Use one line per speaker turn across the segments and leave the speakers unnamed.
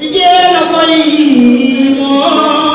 jigéen a koy moo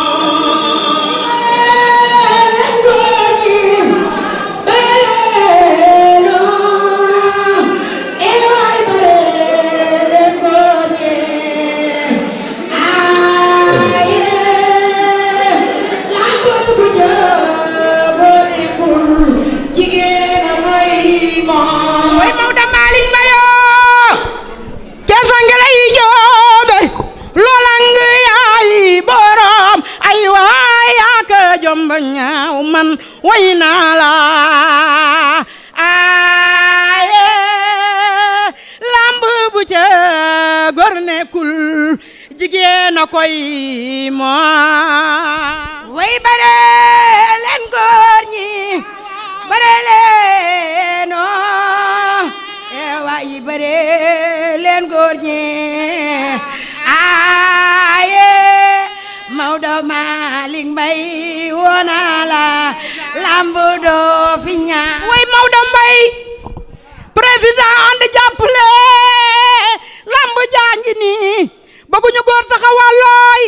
góor taxawalooy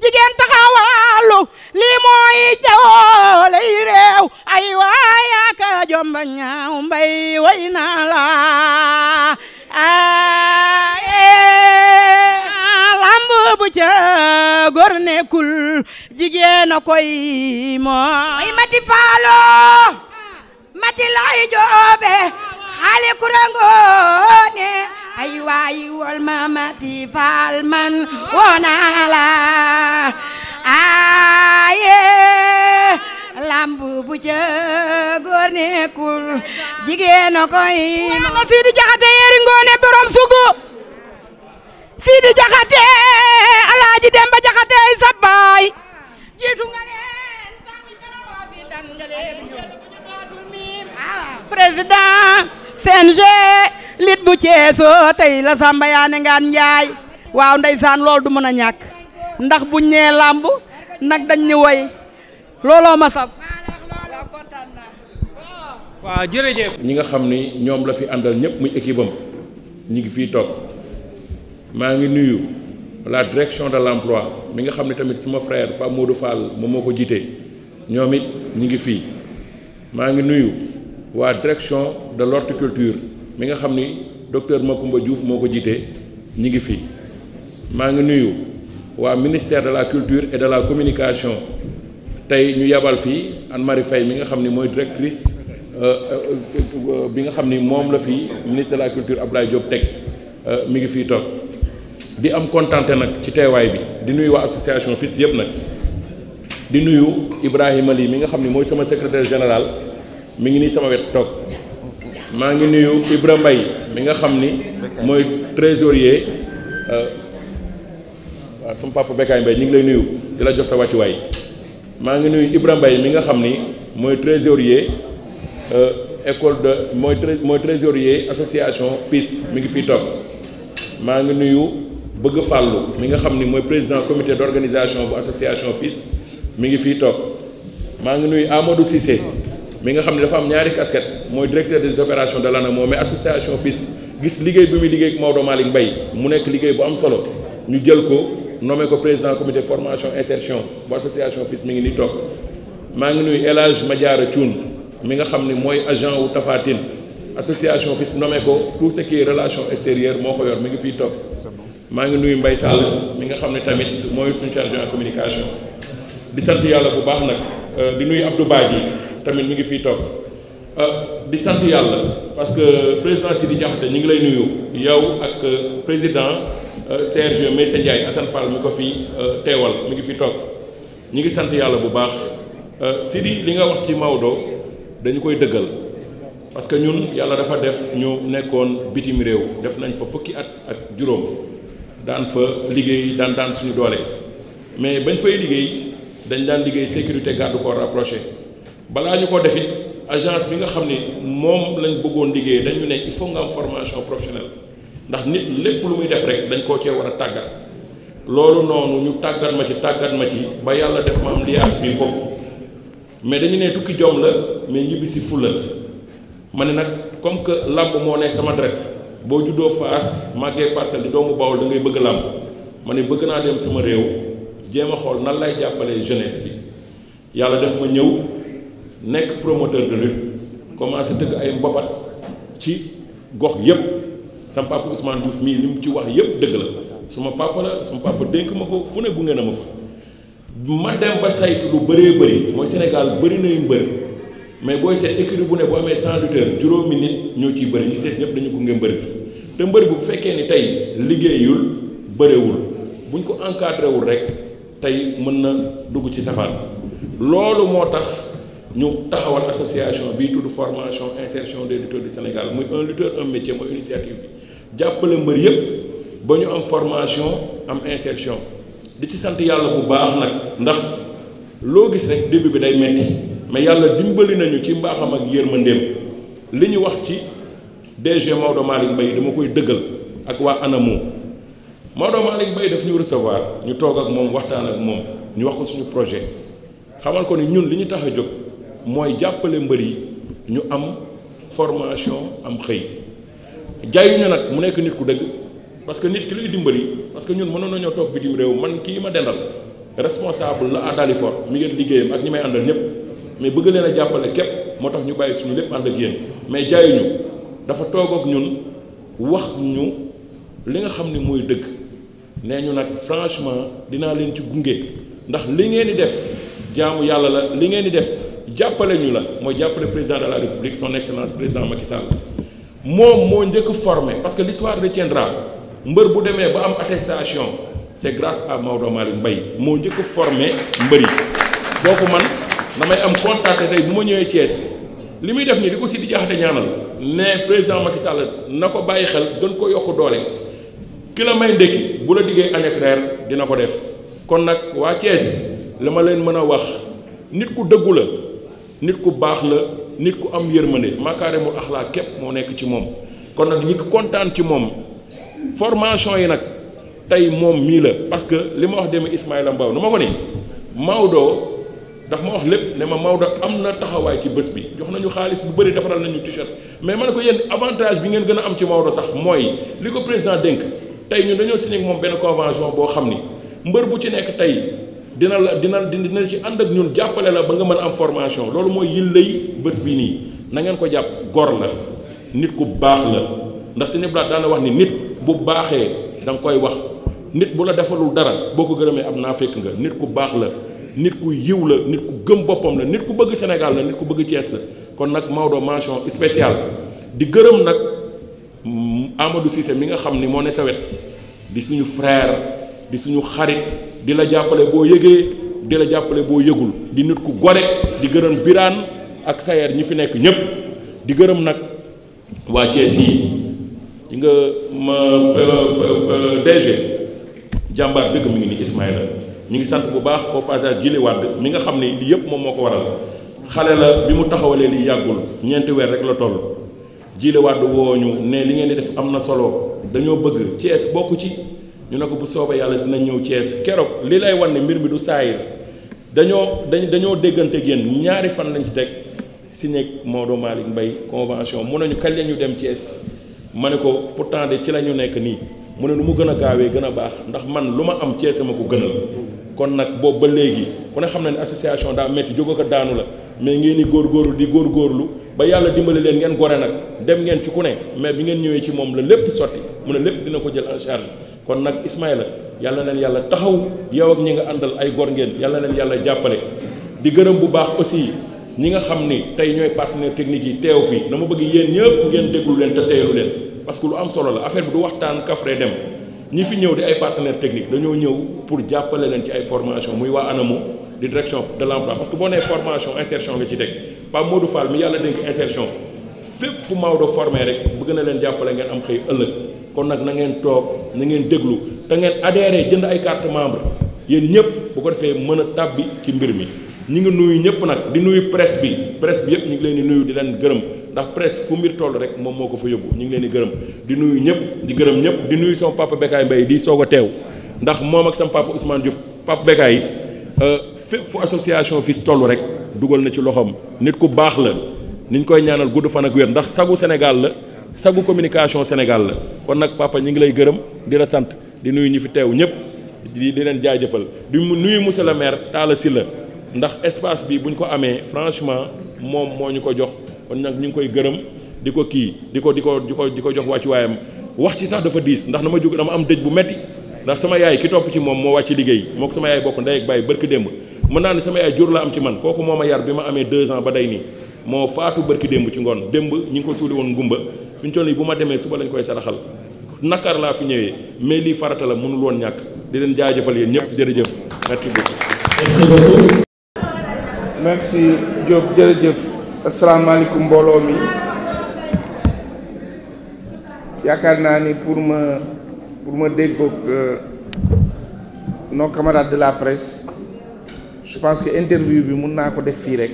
jigéen taxawalu lii mooy jawoole yi ay waay aka jomba ñaaw mbay way naa la bu ca góor nekkul jigéen koy mooy mati faalo mati laay joobe xaali kurangoone ay waay ma mati faal man woonaa la aaye lamb bu ca góor nekkul jigéen a koy wala fii di jaxate yeri ngoone demba jaxate ay sa baay jiitu CNG lit bu Ceesoo tey la Samba Yaane Ngaan Njaay waaw ndeysaan lool du mën a ñàkk ndax buñ nee làmb nag dañ ñu woy looloo ma saf
ñi nga xam ni ñoom la fi àndal ñëpp muy équipe am ñu ngi fii toog maa ngi nuyu la direction de l'emploi mi nga xam ne tamit suma frère Pape Modou Fall moom moo ko jiite ñoom it ñu ngi fii maa ngi nuyu waa direction de l'horticulture mi nga xam ni ma Macoumba Diouf moo ko jiitee ñi ngi fii maa ngi nuyu waa ministère de la culture et de la communication tey ñu yabal fii Anne Marie mi nga xam ni mooy directrice euh, bi nga xam ni moom la fi ministre de la culture Abdoulaye Diop teg euh, mi ngi fii toog di am kontante nag ci teewaay bi di nuyu waa association FILS yëpp nag di nuyu Ibrahima Ly mi nga xam ni mooy sama secretaire général mi ngi nii sama wet toog maa ngi nuyu Ibra mbay mi nga xam ni mooy trésorier euh, waaw sama papa Bekaay Mbaye ñu ngi lay nuyu di jox sa wàccuwaay maa ngi nuyu Ibra mbay mi nga xam ni mooy trésorier euh, école de mooy mooy trésorier association PIS mi ngi fi toog maa ngi nuyu Bëgg Fàllu mi nga xam ni mooy président comité d'organisation bu association PIS mi ngi fi toog maa ngi nuyu Amadou Cissé mi nga xam ne dafa am ñaari casquette mooy directeur des opérations de l'ANAMO mais association FILS gis liggéey bi muy liggéey ak Maodo Malick Mbaye mu nekk liggéey bu am solo ñu jël ko nommé ko président comité formation insertion bu association FILS mi ngi ni toog maa ngi nuy El Hadj Madiara Thioune mi nga xam ne mooy agent wu tafaatin association FILS nome ko tout ce qui relation extérieure moo ko yor mi ngi fii toog maa ngi nuyu Mbaye Sall mi nga xam ne tamit mooy suñu chargé communication di yàlla bu baax nag euh, di nuyu Abdou Badji tamit mi ngi fii toog euh, di sant yàlla parce que président Sidi Diakhaté ñu ngi lay nuyu yow ak euh, président euh, Serge Meissa Ndiaye Assane Fall mi ko fi teewal mi ngi fi toog ñu ngi sant yàlla bu baax Sidi li nga wax ci Maodo dañu koy dëggal parce que ñun yàlla dafa def ñu nekkoon bitim réew def nañ fa fukki at ak juróom daan fa liggéey daan daan suñu doole mais bañ fay liggéey dañ daan liggéey sécurité garde corps rapproché balaa ñu ko def it agence bi nga xam ni moom lañ bëggoon liggéey dañu ne il faut nga am formation professionnelle ndax nit lépp lu muy def rek dañ koo cee war a tàggat loolu noonu ñu tàggat ma ci tàggat ma ci ba yàlla def ma am liaas bi foofu mais dañu ne tukki jom la mais ñibbi si fulla la ma ne nag comme que làmb moo nekk sama deret boo juddoo Faas màggee parcelle di doomu Bawol da ngay bëgg làmb ma ne bëgg naa dem sama réew jéem a xool nan lay jàppalee jeunesse bi def ma ñëw nekk promoteur de lutte commencé tëgg ay mboppat ci gox yëpp sama papa Ousmane Diouf mii li ci wax yëpp dëgg la suma papa la suma papa dénk ma ko fu ne gunge na ma fa ma dem ba saytu lu bëree bëri mooy Sénégal bëri nay mbër mais booy seet écurie bu ne bu amee cent lutteurs juróomi nit ñoo ciy bëri ñi seet ñëpp dañu gunge mbër bi te mbër bi bu fekkee ni tey liggéeyul bëriwul buñ ko encadré wul rek tey mën na dugg ci safaan loolu moo tax. ñu taxawal association bii tudd formation insertion des lutteurs du Sénégal muy un lutteur un métier mooy initiative jàppale mbër yëpp ba ñu am formation am insertion di ci sant yàlla bu baax nag ndax loo gis rek début bi day metti mais yàlla dimbali nañu ci mbaaxam ak yërmandeem li ñu wax ci DG Maodo Malick Mbaye dama koy dëggal ak waa ANAMO Maodo Malick Mbaye daf ñu recevoir ñu toog ak moom waxtaan ak moom ñu wax ko suñu projet xamal ko ni ñun li ñu tax a mooy jàppale mbër yi ñu am formation am xëy jayuñu nag mu nekk nit ku dëgg parce que nit ki lay dimbali parce que ñun mënoon nañoo toog bitim réew man kii ma dendal responsable la à Dalifort mi ngeen liggéeyam ak ñi may àndal ñëpp mais bëgg leen a jàppale képp moo tax ñu bàyyi suñu lépp ànd ak yéen mais jayuñu dafa toog ak ñun wax ñu li nga xam ni mooy dëgg nee ñu nag franchement dinaa leen ci gunge ndax li ngeen di def jaamu yàlla la li ngeen di def. jàppale ñu la moo jàppale président de la république son excellence président Macky moom moo njëkk formé parce que l'histoire retiendra mbër bu demee ba am attestation c'est grâce à Maodo mbay moo njëkk formé mbër yi kooku man damay am contact tey bu ma ñëwee Thiès li muy def nii di ko si di jaaxate ñaanal ne président Macky Sall na ko bàyyi xel gën ko yokk doole ki la may ndékki bu la diggee añak dina ko def kon nag waa Thiès li ma leen mën a wax nit ku dëggu la nit ku baax la nit ku am yërmande makaarimul axlaa képp moo nekk ci moom kon nag ñu ngi kontaan ci moom formation yi nag tey moom mii la parce que li ma wax demee Ismaïla Mbaw nu ma ko nii Maodo ndax ma wax lépp ne ma Maodo am na taxawaay ci bés bi jox nañu xaalis bu bëri defaral nañu t-shirt mais ma ne ko yéen avantage bi ngeen gën a am ci Maodo sax mooy li ko président dénk tey ñu dañoo signé moom benn convention boo xam ni mbër bu ci nekk tey dina la dina dina ci ànd ak ñun jàppale la ba nga mën am formation loolu mooy yillay bés bi nii nangeen ko jàpp gor la nit ku baax la ndax Sëñ Blaat daana wax ni nit bu baaxee da koy wax nit bu la defalul dara boo ko gërëmee am naa fekk nga nit ku baax la nit ku yiw la nit ku gëm boppam la nit ku bëgg Sénégal la nit ku bëgg Thiès la kon nag Maodo mation spéciale di gërëm nag mm, Amadou Cissé mi nga xam ni moo ne sa wet di suñu frère di suñu xarit di la jàppale boo yëgee di la jàppale boo yëgul di nit ku gore di gërëm biraan ak sayer ñi fi nekk ñépp di gërëm nag waa Thiès yi di nga ma euh, euh, euh, DG jàmbaar dëgg mi ngi ni Ismaïla ñi ngi sant bu baax au passage Jili Wade nga xam ne lii yëpp moom moo ko waral xale la bi mu taxawalee lii yàggul ñeenti weer rek la toll Jili Wade woo ñu ne li ngeen di def am na solo dañoo bëgg Thiès bokk ci ñu ne ko bu soobee yàlla dina ñëw Thiès keroog li lay wan ne mbir mi du saayir dañoo dañ dañoo déggante génn ñaari fan lañ ci teg signé Maodo Malick Mbaye convention mu ne ñu kañ la ñu dem Thiès ma ne ko pourtant de ci la ñu nekk nii mu ne lu mu gën a gaawee gën a baax ndax man lu ma am Thiès ma ko gënal kon nag boobu ba léegi ku ne xam na ne association daa métti jóg ko daanu la mais ngeen di góorgóorlu di góor góorlu ba yàlla dimbali leen ngeen gore nag dem ngeen ci ku ne mais bi ngeen ñëwee ci moom la lépp sotti mu lépp dina ko jël en kon nag Ismaïla yàlla leen yàlla taxaw yow ak ñi nga àndal ay gor ngeen yàlla leen yàlla jàppale di gërëm bu baax aussi ñi nga xam ni tey ñooy partenaires techniques yi teew fii dama bëgg yéen ñëpp ngeen déglu leen te teelu leen parce que lu am solo la affaire bi du waxtaan Kaffrine dem ñi fi ñëw di ay partenaires technique dañoo ñëw pour jàppale leen ci ay formation muy waa ANAMO di direction de l'emploi parce que boo nee formation insertion la ci deg Pape Modou Fall mi insertion fépp fu Maodo formé rek bëgg na leen jàppale ngeen am xëy ëllëg kon nag na ngeen toog na ngeen déglu te ngeen adhéré jënd ay carte membre yéen ñëpp bu ko defee mën a tàbbi ci mbir mi ñu ngi nuyu ñëpp nag di nuyu presse bi presse bi yëpp ñu ngi leen di nuyu di leen gërëm ndax presse fu mbir toll rek moom moo ko fa yóbbu ñu ngi leen di gërëm di nuyu ñëpp di gërëm ñëpp di nuyu sama papa Bekaay Mbaye di soog a teew ndax moom ak sama papa Ousmane Diouf papa Bekaay yi euh, fépp fu association fi toll rek dugal na ci loxoom nit ku baax la niñ koy ñaanal gudd fan ak ndax sagu Sénégal sagu communication Sénégal la kon nag papa ñu ngi lay gërëm di la sant di nuyu ñu fi teew ñëpp di di leen jaajëfal di nuyu monsieur le maire si la ndax espace bi bu ñu ko amee franchement moom moo ñu ko jox kon nag ñu ngi koy gërëm di ko kii di ko di ko di ko di ko jox wàccuwaayam wax ci sax dafa diis ndax dama jóg dama am dëj bu metti ndax sama yaay ki topp ci moom moo wàcc liggéey moo ko sama yaay bokk ndey ak bàyyi bërki démb mën naa ne sama yaay jur la am ci man kooku moo ma bi ma amee deux ans ba day nii moo faatu bërki démb ci ngoon démb ñi ngi ko suuli woon ngumba fi ñu toll bu ma demee suba lañ koy saraxal nakaar laa fi ñëwee mais lii farata la mënul woon ñàkk di leen jaajëfal yéen ñëpp jërëjëf merci beaucoup.
merci Diop jërëjëf asalaamaaleykum mbooloo mi yaakaar naa ni pour ma pour ma déggoog euh, nos camarades de la presse je pense que interview bi mun naa ko def fii rek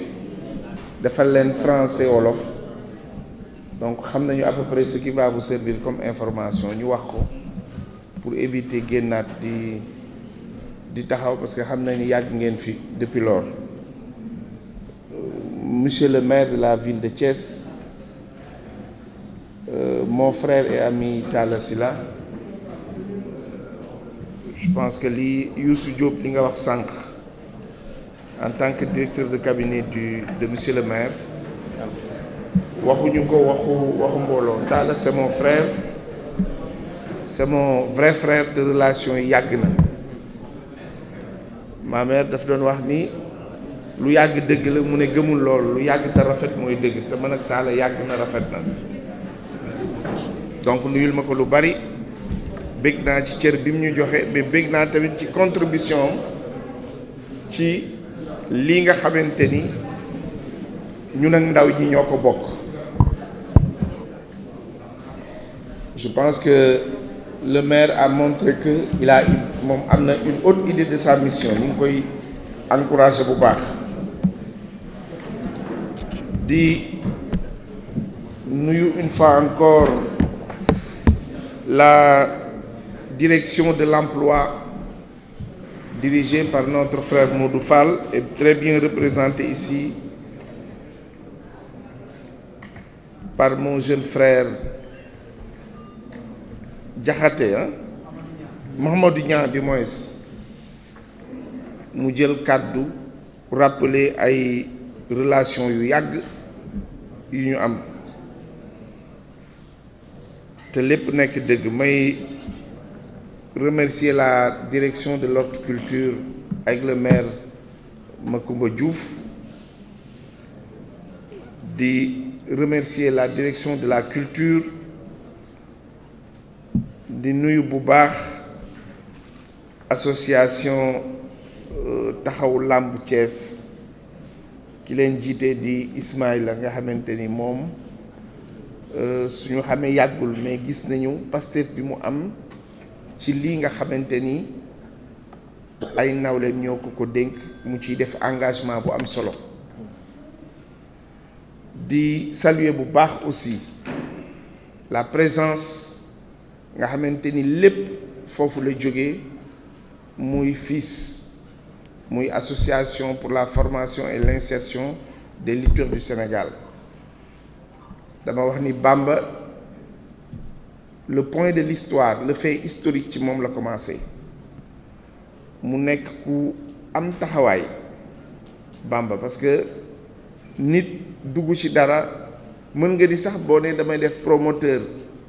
defal leen français wolof. donc xam nañu à peu près ce qui comme information ñu wax ko pour éviter génnaat di di taxaw parce que xam nañu yàgg ngeen fi depuis lors euh, monsieur le maire de la ville de Thiès euh, mon frère et ami Talla Sylla je pense que li Youssou Diop li nga wax sànq en tant que directeur de cabinet du de monsieur le maire waxuñu ko waxu waxu mbooloo Talla c'est mon frère c'est vrai frère de relation yi yàgg na ma mère daf doon wax ni lu yàgg dëgg la mu ne gëmul lool lu yàgg te rafet mooy dëgg te mën ak Talla yàgg na rafet na donc nuyul ma ko lu bari bég naa ci cër bi mu ñu joxe mais bég naa tamit ci contribution ci lii nga xamante ni ñu ak ndaw ñi ñoo ko bokk je pense que le maire a montré que il a une moom am na une autre idée de sa mission ñu ngi koy encourager bu baax di nuyu une fois encore la direction de l'emploi dirigée par notre frère Modou Fall est très bien représentée ici par mon jeune frère jaxate ah Mahamadou Niang bi mooy mu jël kàddu rappeler ay relation yu yàgg yu ñu am te lépp nekk dëgg may remercier la direction de l'horticulture culture le maire Macoumba Diouf di remercier la direction de la culture di nuyu bu baax association euh, taxawu làmb Thiès ki leen jiite di la nga xamante ni moom euh, suñu xamee yàggul mais gis nañu Pastef bi mu am ci lii nga xamante ni ay nawleen ñëw ko ko dénk mu ciy def engagement bu am solo di saluer bu baax aussi la présence nga xamante ni lépp foofu la jóge muy FILS muy association pour la formation et l'insertion des lutteurs du Sénégal dama wax ni Bamba le point de l'histoire le fait historique ci moom la commencé mu nekk ku am taxawaay Bamba parce que nit dugg ci dara mën nga di sax boo ne damay def promoteur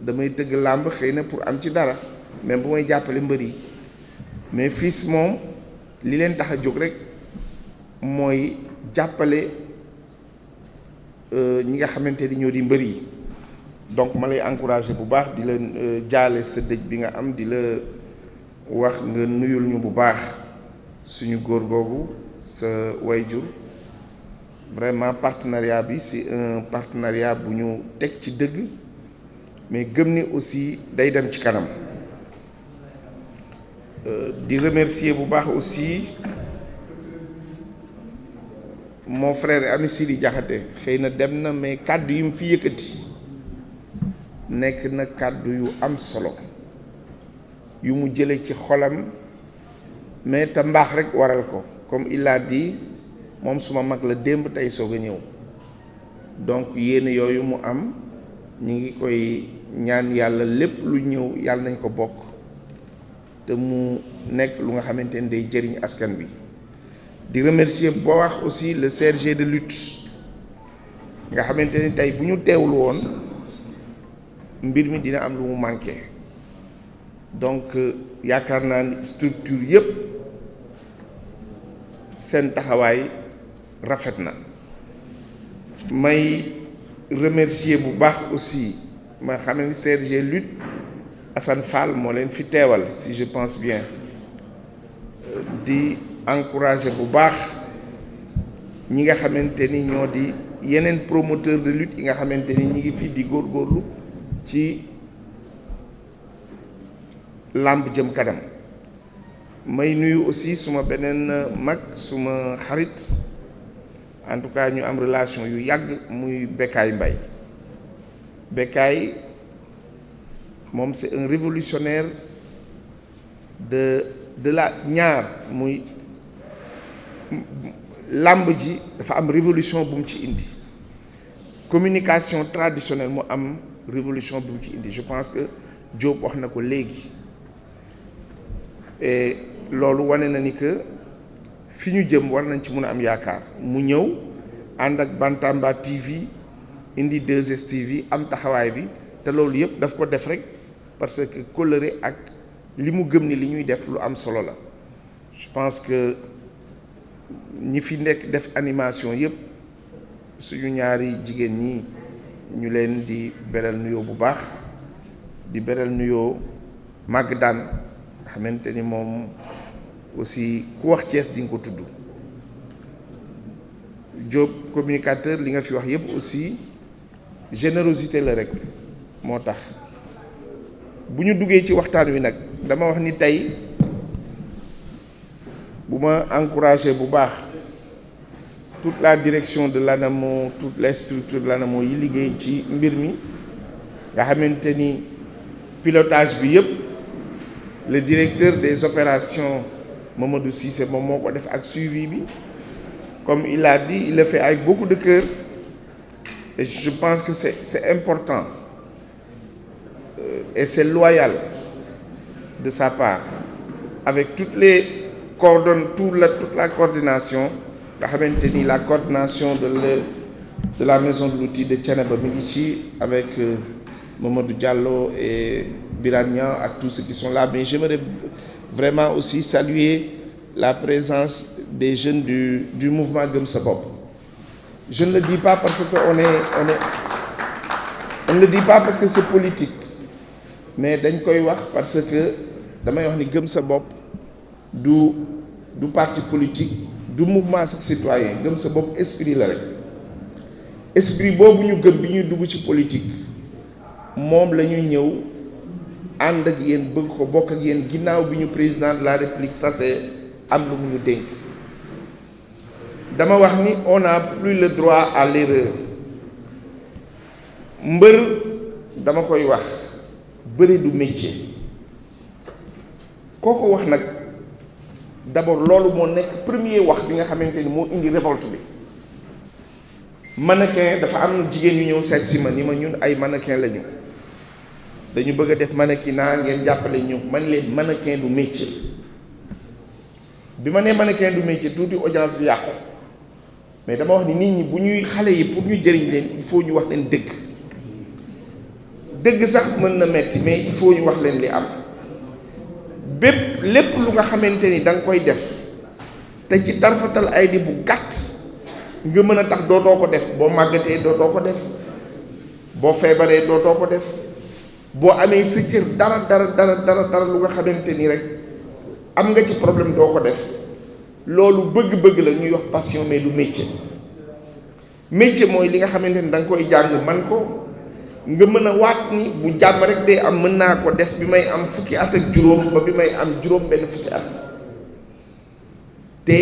damay tëgg làmb xëy na pour am ci dara même bu may jàppale mbër yi mais fils moom li leen tax a jóg rek mooy jàppale euh, ñi nga xamante ni ñoo di mbër yi donc ma lay encourager bu baax di la euh, jaale sa dëj bi nga am di la wax nga nuyul ñu bu baax suñu góor googu sa wayjur vraiment partenariat bi si un partenariat bu ñu teg ci dëgg mais gëm ni aussi day dem ci kanam euh, di remercier bu baax aussi moo frère ami Sidi Diakhaté xëy na dem na mais kàddu yi mu fi yëkkati nekk na kàddu yu am solo yu mu jële ci xolam mais te mbaax rek waral ko comme il a moom suma mag la démb tey soog a ñëw donc yéen yooyu mu am ñu ngi koy ñaan yàlla lépp lu ñëw yàlla nañ ko bokk te mu nekk lu nga xamante ne day jëriñ askan bi di remercier ba wax aussi le CRG de lutte nga xamante ni tey bu ñu teewul woon mbir mi dina am lu mu manqué donc yaakaar naa ni structure yëpp seen taxawaay rafet na may remercier bu baax aussi ma xam ne CRG lutte Assane Fall moo leen fi teewal si je pense bien di encourager bu baax ñi nga xamante ni ñoo di yeneen promoteur de lutte yi nga xamante ni ñi ngi fi di góorgóorlu ci làmb jëm kanam may nuyu aussi suma beneen mag suma xarit en tout cas ñu am relation yu yàgg muy Bécaye mbay Bécaye moom c'est un révolutionnaire de de la ñaar muy làmb ji dafa am révolution bu mu ci indi communication traditionnelle mu am révolution bu mu ci indi je pense que Diop wax na ko léegi et loolu wane na ni que fi ñu jëm war nañ ci mun a am yaakaar mu ñëw ànd ak Bantamba TV indi 2STV am taxawaay bi te loolu yëpp daf ko def rek parce que coloré ak li mu gëm ni li ñuy def lu am solo la je pense que ñi fi nekk def animation yëpp suñu ñaari jigéen ñi ñu leen di beral nuyoo bu baax di beral nuyoo màgg daan xamante ni moom aussi ku wax cees di nga ko tudd Diop communicateur li nga fi wax yëpp aussi générosité la rek moo tax bu ñu duggee ci waxtaan wi nag dama wax ni tey bu ma encouragé bu baax toute la direction de l'ANAMO toutes les structures de l'ANAMO yi liggéey ci mbir mi nga xamante ni pilotage bi yëpp le directeur des opérations Mamadou Cissé moom moo ko def ak suivi bi comme il a dit il le fait avec beaucoup de cœur et je pense que c'est c'est important euh, et c'est loyal de sa part avec toutes les coordonne tout la toute la coordination nga xamante ni la coordination de le de la maison de l'outil de Thiénaba mi ngi ci avec euh, Mamadou Diallo et Birania ak tous ceux qui sont là mais j'aimerais vraiment aussi saluer la présence des jeunes du, du mouvement Gëm sa bopp je la di dis pas parce que on est on est di ne le dit pas parce que c'est politique mais dañ koy wax parce que damay wax ni Gëm sa bopp du du parti politique du mouvement sax citoyen Gëm sa bopp esprit la rek esprit boobu ñu gëm bi ñuy dugg ci politique moom la ñuy ñëw ànd ak yéen bëgg ko bokk ak yéen ginnaaw bi ñu président de la république sasee am lu mu ñu dénk dama wax ni on a plus le droit à l'erreur mbër dama koy wax bëri du métier kooko wax nag d'abord loolu moo nekk premier wax bi nga xamante ni moo indi révolte bi mannequin dafa am jigéen ñu ñëw seet si ma ni ma ñun ay mannequin lañu dañu bëgg a def naa ngeen jàppale ñu man leen mën a mannequin du métier bi ma nee mannequin du métier tuuti audience bi yàqu mais dama wax ni nit ñi bu ñuy xale yi pour ñu jëriñ leen il faut ñu wax leen dëgg dëgg sax mën na metti mais il faut ñu wax leen li am bépp lépp lu nga xamante ni danga koy def te ci tarfatal ay di bu gàtt nga mën a tax dootoo ko def boo màggatee dootoo ko def boo feebaree dootoo ko def boo amee sa cër dara dara dara dara dara lu nga xamante ni rek am nga ci problème doo ko def loolu bëgg-bëgg la ñuy wax passion mais lu métier métier mooy li nga xamante ni danga koy jàng man ko nga mën a waat ni bu jàmm rek dee am mën naa ko def bi may am fukki at ak juróom ba bi may am juróom benn fukki at te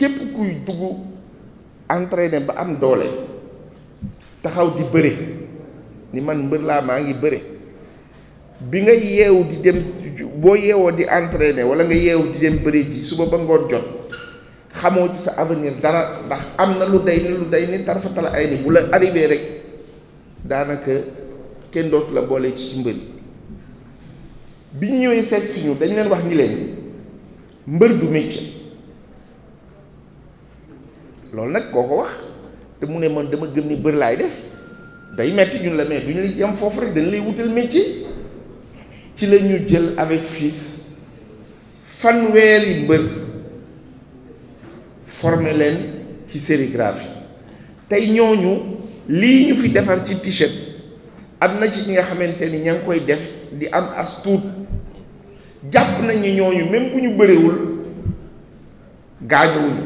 képp kuy dugg entraîné ba am doole taxaw di bëre ni man mbër laa maa ngi bëre bi nga yeewu di dem boo yeewoo di entraîner wala nga yeewu di dem bëri ji suba ba ngoon jot xamoo ci sa avenir dara ndax am na lu day ni lu day ni tarfatala ay ni bu la arrivé rek daanaka kenn dootu la boole ci mbër bi ñu ñëwee seet si ñu dañ leen wax ni leen mbër du métier loolu nag koo ko wax te mu ne man dama gëm ni bër laay def day metti ñun la mais duñu lay yam foofu rek dañ lay wutal métier. ci la ñu jël avec fils fanweeri mbër formé leen ci sérigraphie tey ñooñu lii ñu fi defar ci t-shirt am na ci ñi nga xamante ni ña ngi koy def di am as tuut jàpp nañu ñooñu même bu ñu bëriwul gaañuwuñu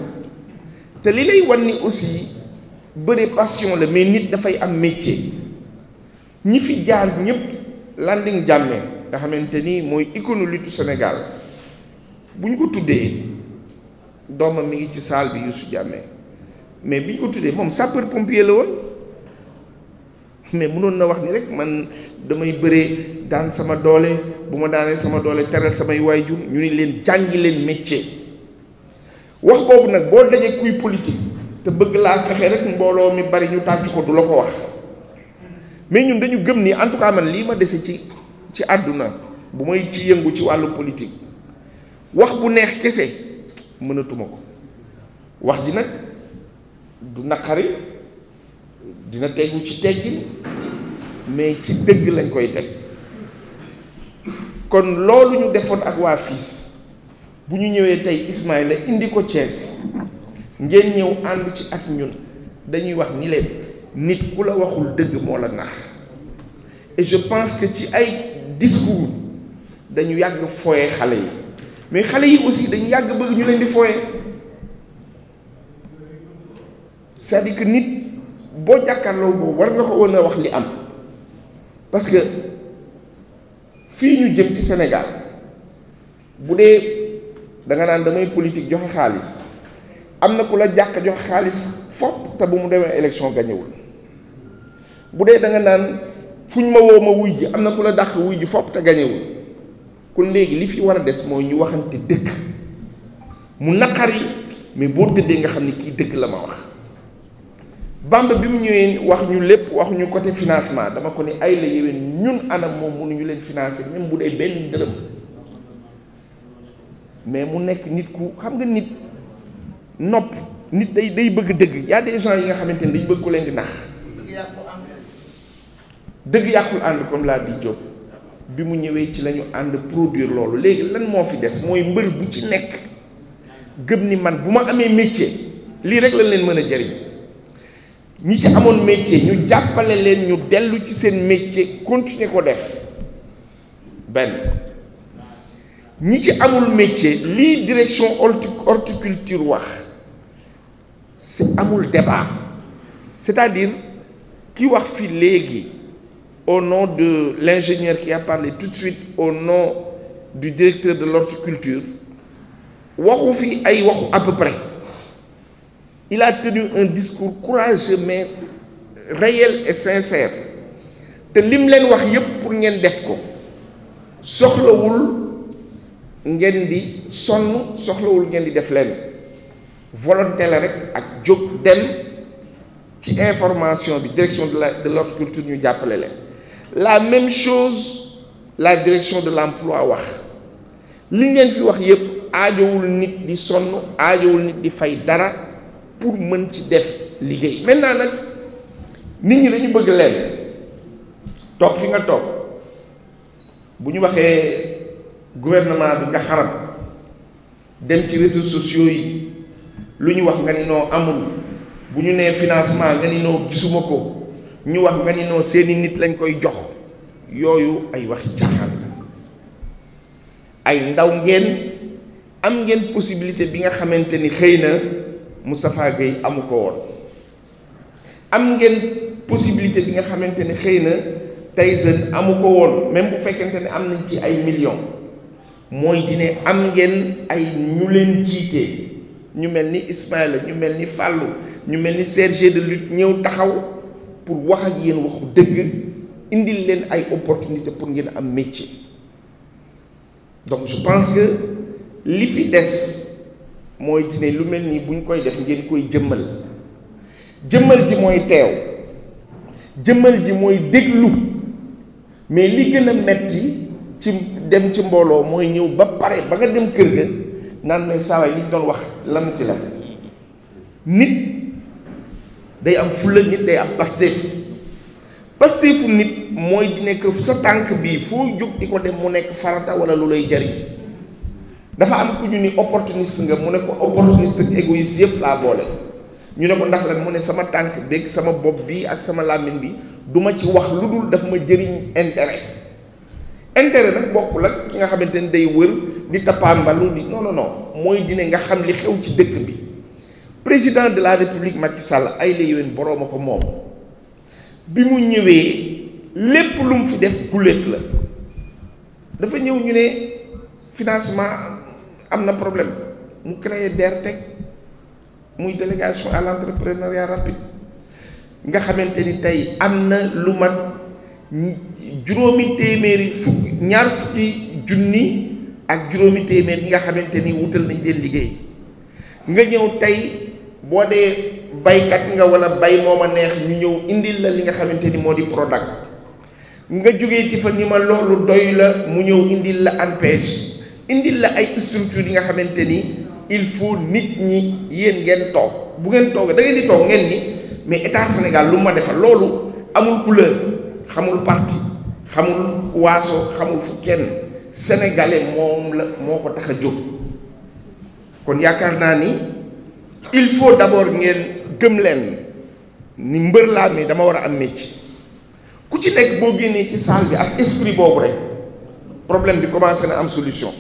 te li lay wan ni aussi bëri passion la mais nit dafay am métier ñi fi jaar ñëpp landing jàmmee nga xamante ni mooy icône senegal Sénégal bu ñu ko tuddee doomam mi ngi ci saal bi Youssou Diame mais bi ñu ko tuddee moom sapeur pompier la woon mais mënoon na wax ni rek man damay bëree daan sama doole bu ma daanee sama doole teral samay waajur ñu ni leen jàngi leen métier wax boobu nag boo dajee kuy politique te bëgg laa fexe rek mbooloo mi bari ñu tàcc ko du la ko wax mais ñun dañu gëm ni en tout cas lii ma dese ci ci àdduna bu may yëngu ci wàllu politique wax bu neex kese mënatuma ko wax ji nag du naqari dina tegu ci teggi mais ci dëgg lañ koy teg kon loolu ñu defoon ak waa FIS bu ñu ñëwee tey la indi ko Thiès ngeen ñëw ànd ci ak ñun dañuy wax ni leen nit ku la waxul dëgg moo la nax e je pense que ci ay discours dañu yàgg foye xale yi mais xale yi aussi dañu yàgg bëgg ñu leen di foye cest à nit boo jàkkaarloo boobu war nga ko woon a wax li am parce que fii ñu jëm ci Sénégal bu dee danga naan damay politique joxe xaalis am na ku la jàkk joxe xaalis fopp te bu mu demee élection gañewul bu dee da naan fu ñu ma woo ma wuy ji am na ku la dàq wuy ji fopp te gañewul kon léegi li fi war a des mooy ñu waxante dëkk mu naqar yi mais boo tëddee nga xam ne kii dëgg la ma wax Bamba bi mu ñëwee wax ñu lépp wax ñu côté financement dama ko ni ay la yéwén ñun anam moom ñu leen financer même bu dee benn dërëm mais mu nekk nit ku xam nga nit nopp nit day day bëgg dëgg y a des yi nga xamante ne dañ bëgg ko leen di nax dëgg yàqul ànd comme laa bi jóg bi mu ñëwee ci lañu ànd produire loolu léegi lan moo fi des mooy mbër bu ci nekk gëm ni man bu ma amee métier lii rek lañ leen mën a jëriñ ñi ci amoon métier ñu jàppale leen ñu dellu ci seen métier continuer ko def benn ñi ci amul métier lii direction horticulture wax c'est amul débat cest à ki wax fi léegi au nom de l'ingénieur qui a parlé tout de suite au nom du directeur de l'horticulture waxu fi ay waxu à peu près il a tenu un discours courageux mais réel et sincère te lim leen wax yépp pour ngeen def ko soxlawul ngeen di sonn soxlawul ngeen di def leen volonté rek ak jóg dem ci information bi direction de la de l'horticulture ñu jàppale leen la même chose la direction de l'emploi wax li ngeen fi wax yépp aajowul nit di sonn aajowul nit di fay dara pour mën ci def liggéey maintenant nag nit ñi dañu bëgg leen toog fi nga toog bu ñu waxee gouvernement bi nga xarab dem ci réseaux sociaux yi lu ñu wax nga ni noo amul bu ñu nee financement nga ni noo gisuma ko ñu wax nga ni non seeni nit lañ koy jox yooyu ay wax caaxaan la ay ndaw ngeen am ngeen possibilité bi nga xamante ni xëy na Moustapha Gueye amu ko woon am ngeen possibilité bi nga xamante ni xëy na Tyson amu ko woon même bu fekkente ne am nañ ci ay millions mooy dine am ngeen ay ñu leen jiitee ñu mel ni Ismaïla ñu mel ni Fallou ñu mel ni Serge de lutte ñëw taxaw pour wax a ak yéen waxu dëgg indil leen ay opportunité pour ngeen am métier donc je pense que li fi des mooy dine lu mel nii bu ñu koy def ngeen koy jëmmal jëmmal ji mooy teew jëmmal ji mooy déglu mais li gën a metti ci dem ci mbooloo mooy ñëw ba pare ba nga dem kër ga naan may saawaay nit doon wax lan la nit day am fulla nit day am pasteef pasteefu nit mooy di nekk sa tànk bii foo jóg di ko dem mu nekk farata wala lu lay jariñ dafa am ku ñu ni opportuniste nga mu ne ko opportuniste ak yëpp laa boole ñu ne ko ndax lan mu ne sama tànk beeg sama bopp bi ak sama làmmiñ bi duma ci wax lu dul dafa ma jëriñ intérêt intérêt nag bokkul ak ki nga xamante ni day wër di tappaambalu di non non non mooy dine nga xam li xew ci dëkk bi président de la république Macky Sall ay la yowén boroom ko moom bi mu ñëwee lépp lu mu fi def guléet la dafa ñëw ñu ne financement am na problème mu créé DER/TEC muy délégation à l'entrepreneuriat rapide nga xamante ni tey am na lu man juróomi téeméeri fukki ñaar fukki junni ak juróomi téeméer yi nga xamante ni wutal nañ leen liggéey nga ñëw tey boo dee baykat nga wala bay moo ma neex ñu ñëw indil la li nga xamante ni moo di Prodac nga jóge ci fa ni ma loolu doy la mu ñëw indil la ANPEJ indil la ay structure yi nga xamante ni il faut nit ñi yéen ngeen toog bu ngeen toog da ngeen di toog ngeen ni mais état Sénégal lu ma defal loolu amul couleur xamul parti xamul waaso xamul fu kenn sénégalais moom la moo ko tax a jóg kon yaakaar naa ni. il faut d'abord ngeen gëm leen ni mbër laa mi dama war a am métier ku ci nekk boo génnee ci salle bi ak esprit boobu rek problème bi commencé na am solution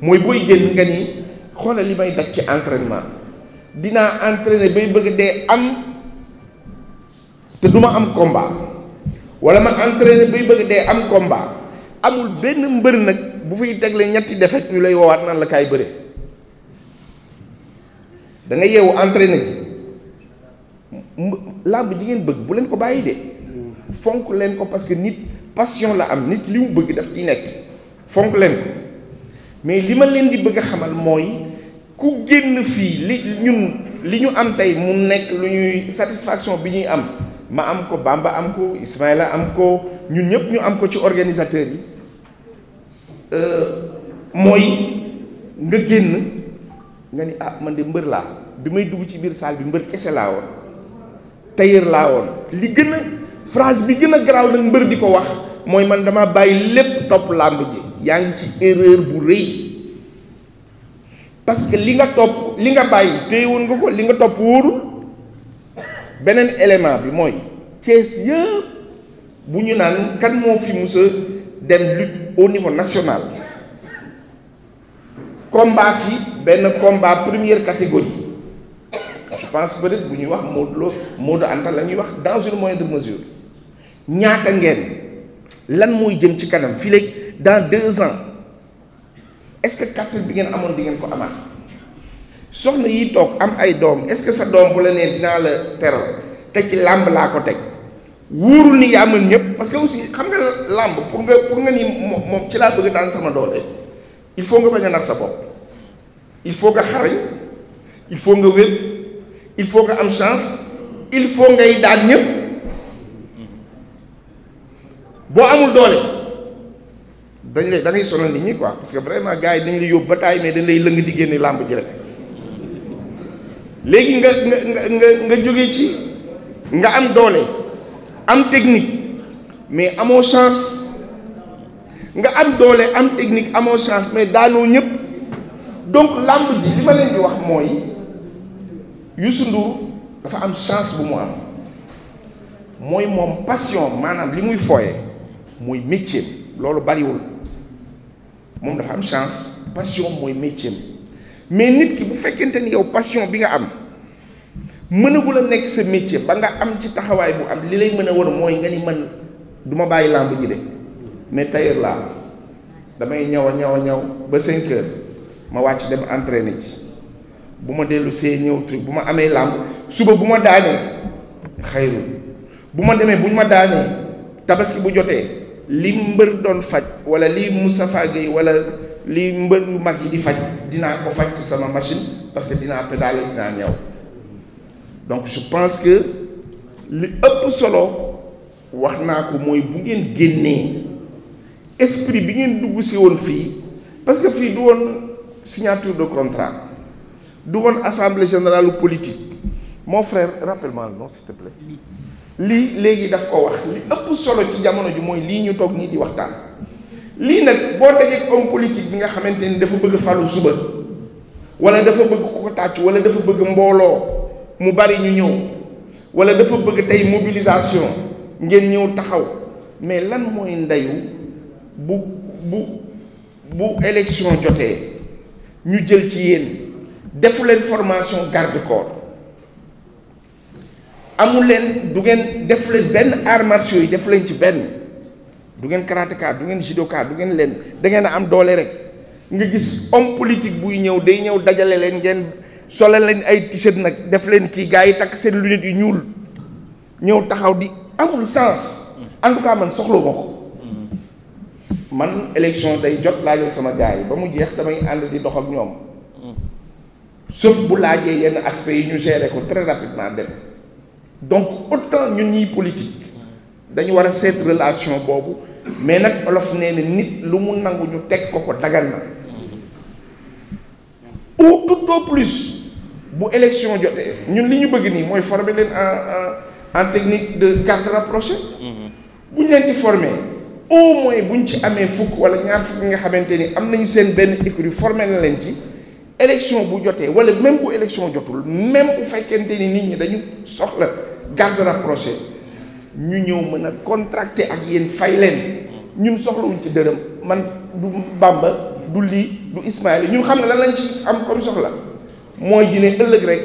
mooy booy génn nga ni xoolal li may daj ci entraînement dinaa entraîner bay bëgg dee am te duma am combat wala ma entraîner bay bëgg dee am combat amul benn mbër nag bu fiy tegle ñetti defet ñu lay woowaat nan la kaay bëre da nga yeewu entraîné ji làmb ji ngeen bëgg bu leen ko bàyyi de fonk leen ko parce que nit passion la am nit li mu bëgg daf ciy nekk fonk leen ko mais li ma leen di bëgg xamal mooy ku génn fii li ñun li ñu am tey mu nekk lu ñuy satisfaction bi ñuy am ma am ko Bamba am ko Ismaïla am ko ñun ñëpp ñu am ko ci organisateur yi euh, mooy nga génn nga ni ah man de mbër laa bi may dugg ci biir saal bi mbër kese laa woon tailleur laa woon li gën a phrase bi gën a garaaw nag mbër di ko wax mooy man dama bàyyi lépp topp làmb ji yaa ngi ci erreur bu rëy parce que li nga topp li nga bàyyi téye woon nga ko li nga topp wóorul beneen élément bi mooy Thiès yëpp bu ñu naan kan moo fi musa dem lutte au national combat fi benn combat première catégorie je pense peut bu ñuy wax Modou Lo Modou Anta la ñuy wax dans une moindre mesure ñaata ngeen lan mooy jëm ci kanam fii léegi dans deux ans est-ce que kàttan bi ngeen amoon di ngeen ko amaat soxna yi toog am ay doom est-ce que sa doom bu la nee dinaa la teral te ci làmb laa ko teg wóorul ni yaa mën ñëpp parce que aussi xam nga làmb pour nga pour nga ni moom ci laa bëgg daan sama doole il faut nga bañ a nax sa bopp. il faut nga xarañ il faut nga wér il faut nga am chance il faut ngay daan ñëpp boo amul doole dañ lay da ngay sonal nit ñi quoi parce que vraiment yi dañ lay yóbbu ba taay mais dañ lay lëng di génne làmb ji nga nga nga jóge ci nga am doole am technique mais amoo chance nga am doole am technique amoo chance mais daanoo ñëpp. donc làmb ji li ma leen di wax mooy yu Ndour dafa am chance bu mu am mooy moom passion maanaam li muy fooye mooy métier loolu bariwul moom dafa am chance passion mooy métier mais nit ki bu fekkente ni yow passion bi nga am mënagul a nekk sa métier ba nga am ci taxawaay bu am li lay mën a war mooy nga ni man du ma bàyyi làmb ji de mais tailleur laa damay ñaw a ñaw a ñaw ba 5 ma wàcc dem entraîné ji bu ma dellu see ñëw truc bu ma amee làmb suba bu ma daanee xayru bu ma demee buñ ma daanee tabaski bu jotee li mbër doon faj wala li Moustapha Gueye wala li mbër yu mag yi di faj dinaa ko faj sama machine parce que dinaa pédale dinaa ñëw donc je pense que li ëpp solo wax naa ko mooy bu ngeen génnee esprit bi ngeen dugg si woon fii parce fii du woon signature de contrat du won assemblée générale politique mon frère rappelle-moi le nom s'il te léegi daf ko wax li ëpp solo ci jamono ji mooy lii ñu toog nii di waxtaan lii nag boo dajee homme politique bi nga xamante ni dafa bëgg falu suba wala dafa bëgg ku ko tàcc wala dafa bëgg mbooloo mu bari ñu ñëw wala dafa bëgg tey mobilisation ngeen ñëw taxaw mais lan mooy ndeyu bu bu bu élection jotee ñu jël ci yéen defu leen formation garde corps amu leen du ngeen def leen benn arts martiaux yi def leen ci benn du ngeen karatéka du ngeen judoka du ngeen leen da ngeen a am doole rek nga gis homme politique buy ñëw day ñëw dajale leen ngeen sole leen ay t-shirt nag def leen kii gars yi takk seen lunettes yu ñuul ñëw taxaw di amul sens en tout cas ma soxla ko. man élection day jot laajal sama gars yi ba mu jeex damay ànd di dox ak ñoom sauf bu laajee yenn aspects yi ñu gérer ko très rapidement dem donc autant ñun ñuy politique dañu war a seet relation boobu mais nag olof nee na nit lu mu nangu ñu teg ko ko dagal na ou tout au plus bu élection jotee ñun li ñu bëgg nii mooy former leen en en technique de carte rapprochée mm-hmm. bu ñu leen di au moins bu ñu ci amee fukk wala ñaar fukk nga xamante ni am nañu seen benn écurie formé na leen ci élection bu jotee wala même bu élection jotul même bu fekkente ni nit ñi dañu soxla garde rapproché ñu ñëw mën a contracté ak yéen fay leen ñun soxlawuñ ci dërëm man du Bamba du lii du Ismaël ñun xam ne la lañ ci am comme soxla mooy dine ëllëg rek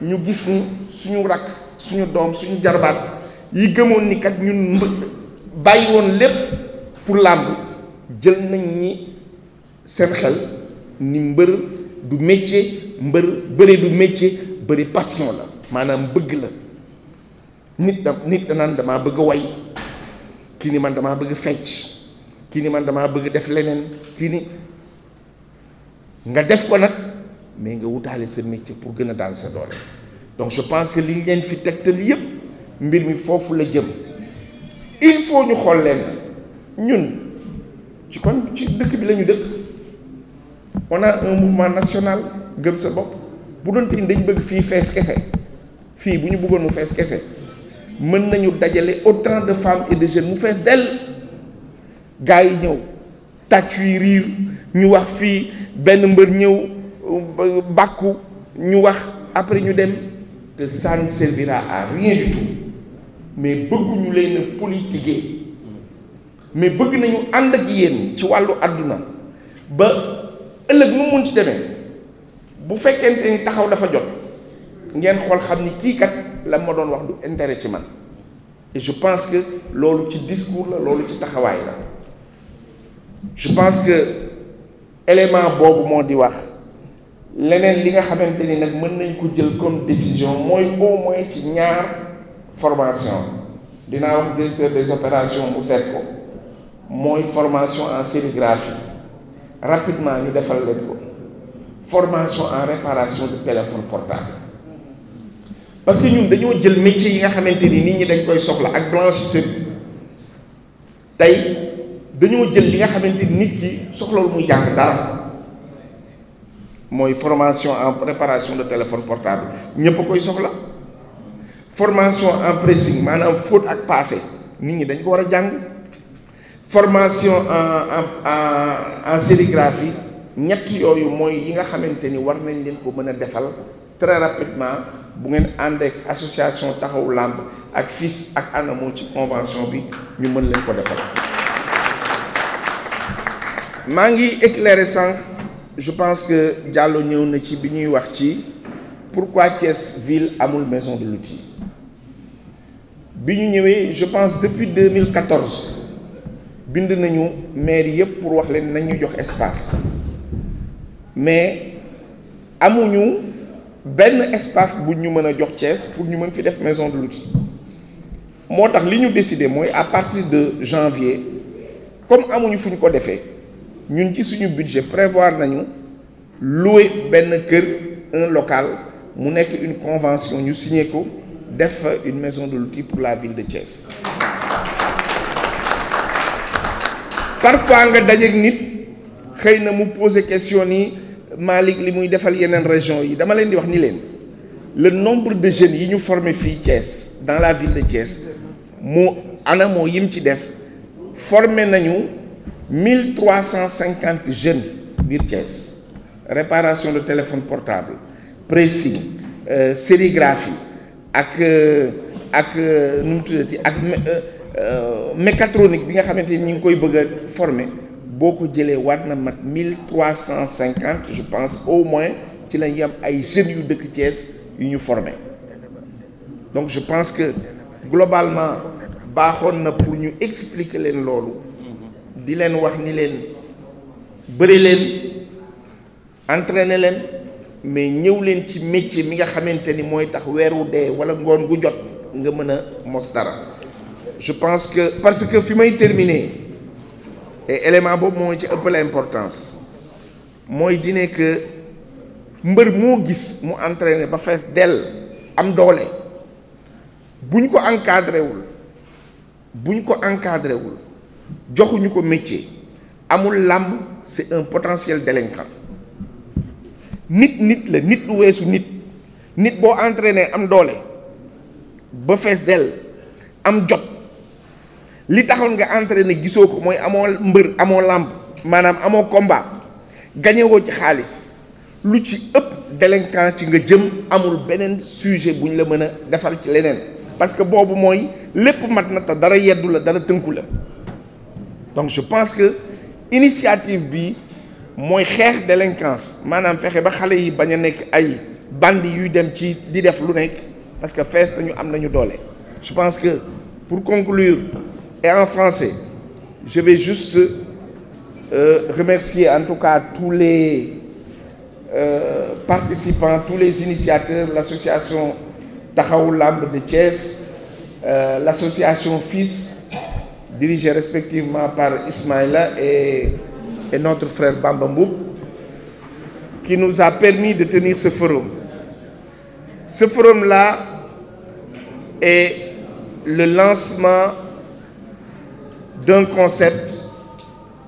ñu gis ni suñu rakk suñu doom suñu jarbaat yi gëmoon ni kat ñun bàyyi woon lépp pour làmb jël nañ ñi seen xel ni mbër du métier mbër bëri du métier bëri passion la maanaam bëgg la nit da nit danaan damaa bëgg way kii ni man damaa bëgg fecc kii ni man damaa bëgg def leneen kii ni nga def ko nag mais nga wutaale sa métier pour gën a daan sa doole donc je pense que li ñu leen fi tegtal yépp mbir mi foofu la jëm il faut ñu xool leen ñun ci kon ci dëkk bi la ñu dëkk on a un mouvement national gëm sa bopp bu doon te dañ bëgg fii fees kese fii bu ñu bëggoon mu fees kese mën nañu dajale autant de femmes et de jeunes mu fees dell gars yi ñëw tàcc yi riir ñu wax fii benn mbër ñëw bàkku ñu wax après ñu dem te ça ne servira rien du tout mais bëgguñu leen a politiquer mais bëgg nañu ànd ak yéen ci wàllu àdduna ba ëllëg nu mun ci demee bu fekkente ni taxaw dafa jot ngeen xool xam ni kii kat la ma doon wax du intérêt ci man et je pense que loolu ci discours la loolu ci taxawaay la je pense que élément boobu moo di wax leneen li nga xamante ni nag mën nañ ko jël comme décision mooy au moins ci ñaar formation dinaa wax directeur des opérations mu seet ko mooy formation en sérigraphie rapidement ñu defal leen ko formation en réparation de téléphone portable parce que ñun dañoo jël métier yi nga xamante ni nit ñi dañ koy soxla ak blanchisserie tey dañoo jël li nga xamante ni nit ki soxlawul muy jàng dara mooy formation en réparation de téléphone portable ñëpp koy soxla. formation en pressing maanaam faute ak passé nit ñi dañ ko war a jàng formation en en en sérigraphie ñett yooyu mooy yi nga xamante ni war nañ leen ko mën a defal très rapidement bu ngeen ànd association taxawu làmb ak FILS ak ANAMO ci convention bi ñu mën leen ko defal maa ngi éclairer sànq je pense que Diallo ñëw na ci bi ñuy wax ci pourquoi Thiès ville amul maison de l'outil bi ñu ñëwee je pense depuis 2014 bind nañu maire yëpp pour wax leen nañ ñu jox espace mais amuñu benn espace bu ñu mën a jox Thiès pour ñu mën fi def maison de luti moo tax li ñu décidé mooy à partir de janvier comme amuñu fu ñu ko defee ñun ci suñu budget prévoir nañu louer benn kër un local mu nekk une convention ñu signé def fa une maison de l'outil pour la ville de Thiès parfois nga dajeeg nit xëy na mu poser question ni Malick li muy defal yeneen région yi dama leen di wax ni leen le nombre de jeunes yi ñu forme fii Thiès dans la ville de Thiès moo ana moo yim ci def formé nañu mille trois cent cinquante jeunes biir Thiès réparation de téléphone portable pressing euh, sérigraphie ak euh, ak euh, nu mu tuddati ak euh, mécatronique bi nga xamante ni ñu ngi koy bëgg a boo ko jëlee war na mat mille trois cent cinquante je pense au moins ci lañ yam ay jeunes yu dëkk Thiès yu ñu former donc je pense que globalement baaxoon na pour ñu expliquer leen loolu di leen wax ni leen bëri leen entraîner leen mais ñëw leen ci métier mi nga xamante ni mooy tax weer wu dee wala ngoon gu jot nga mën a mos dara je pense que parce que fi may terminer élément boobu moo ci ëpp la importance mooy di ne que mbër moo gis mu entraîné ba fees dell am doole buñ ko encadré wul buñ ko encadré wul joxuñu ko métier amul làmb c'est un potentiel délinquant nit nit la nit lu weesu nit nit boo entraîné am doole ba fees dell am jot li taxoon nga entraîné gisoo ko mooy amoo mbër amoo làmb maanaam amoo combat gañewoo ci xaalis lu ci ëpp délinquant ci nga jëm amul beneen sujet bu ñu la mën a defal ci leneen parce que boobu mooy lépp mat na te dara yeddu la dara tënku la donc je pense que initiative bi mooy xeex délinquance maanaam fexe ba xale yi bañ a nekk ay bandi yuy dem ci di def lu nekk parce que fees nañu am nañu doole je pense que pour conclure et en français je vais juste euh, remercier en tout cas tous les euh, participants tous les initiateurs l'association Taxawu Lamb de Thiès euh, l'association FILS dirigée respectivement par Ismaïla et et notre frère Bamba Mboup qui nous a permis de tenir ce forum. Ce forum-là est le lancement d'un concept,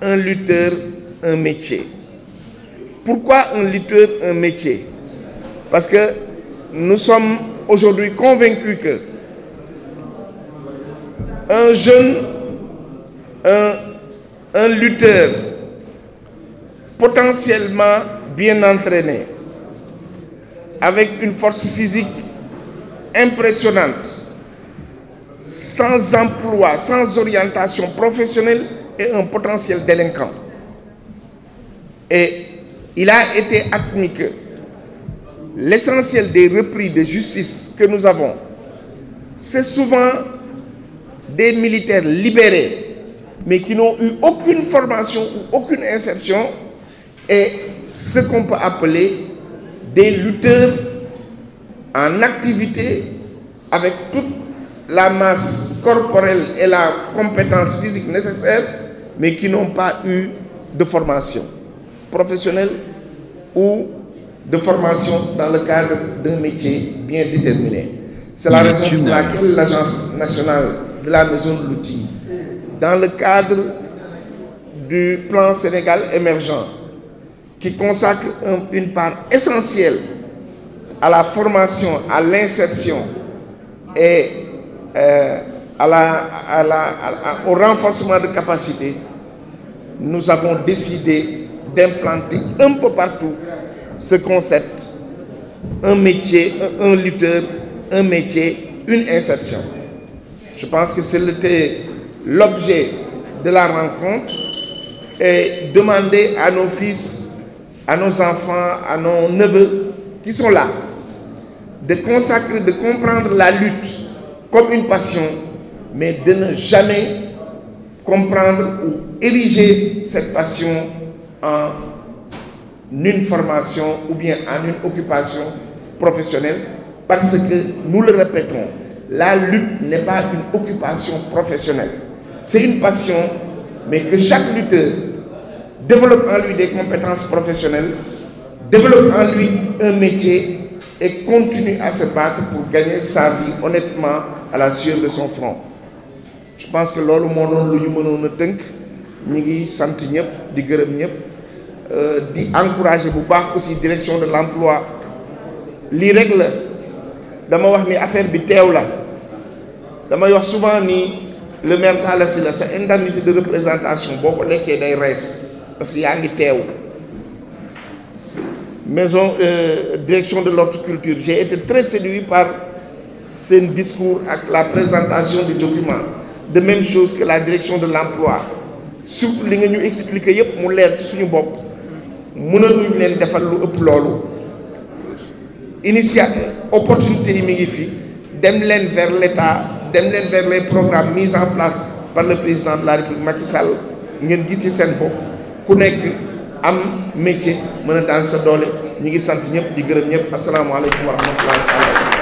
un lutteur, un métier. Pourquoi un lutteur, un métier Parce que nous sommes aujourd'hui convaincus que un jeune, un, un lutteur, potentiellement bien entraînés, avec une force physique impressionnante, sans emploi, sans orientation professionnelle et un potentiel délinquant. Et il a été admis que l'essentiel des repris de justice que nous avons, c'est souvent des militaires libérés, mais qui n'ont eu aucune formation ou aucune insertion et ce qu'on peut appeler des lutteurs en activité avec toute la masse corporelle et la compétence physique nécessaire, mais qui n'ont pas eu de formation professionnelle ou de formation dans le cadre d'un métier bien déterminé. C'est la raison l'Agence nationale de la maison de l'outil, dans le cadre du plan Sénégal émergent, qui consacre un, une part essentielle à la formation, à l'insertion et euh, à la, à la, à, au renforcement de capacités, nous avons décidé d'implanter un peu partout ce concept, un métier, un, un lutteur, un métier, une insertion. Je pense que c'était l'objet de la rencontre et demander à nos fils à nos enfants, à nos neveux qui sont là, de consacrer, de comprendre la lutte comme une passion, mais de ne jamais comprendre ou ériger cette passion en une formation ou bien en une occupation professionnelle, parce que, nous le répétons, la lutte n'est pas une occupation professionnelle. C'est une passion, mais que chaque lutteur développe en lui de compétences professionnelles, développe en lui un métier et continue à se battre pour gagner sa vie honnêtement à la sueur de son front je pense que loolu moo doon lu ñu mënoon a tënk ñu ngi sant ñëpp di gërëm ñëpp euh, di encourager bu baax aussi direction de l'emploi lii rek la dama wax ni affaire bi teew la damay wax souvent ni le maire Talla Sylla la sa indemnité de représentation boo ko lekkee day res parce que yaa ngi teew maison euh, direction de l'horticulture j'ai été très séduit par seen discours ak la présentation du document de même chose que la direction de l'emploi surtout li nga ñu expliquer yépp mu leer ci suñu bopp mun mënaluñ leen defal lu ëpp loolu initiative opportunité yi mi ngi fii dem leen vers l'État dem leen vers les programmes mise en place par le président de la République Macky ngeen gis ci seen bopp ku nekk am métier mën a daan sa doole ñu ngi sant ñëpp di gërëm ñëpp asalaamaaleykum wa rahmatullahi taala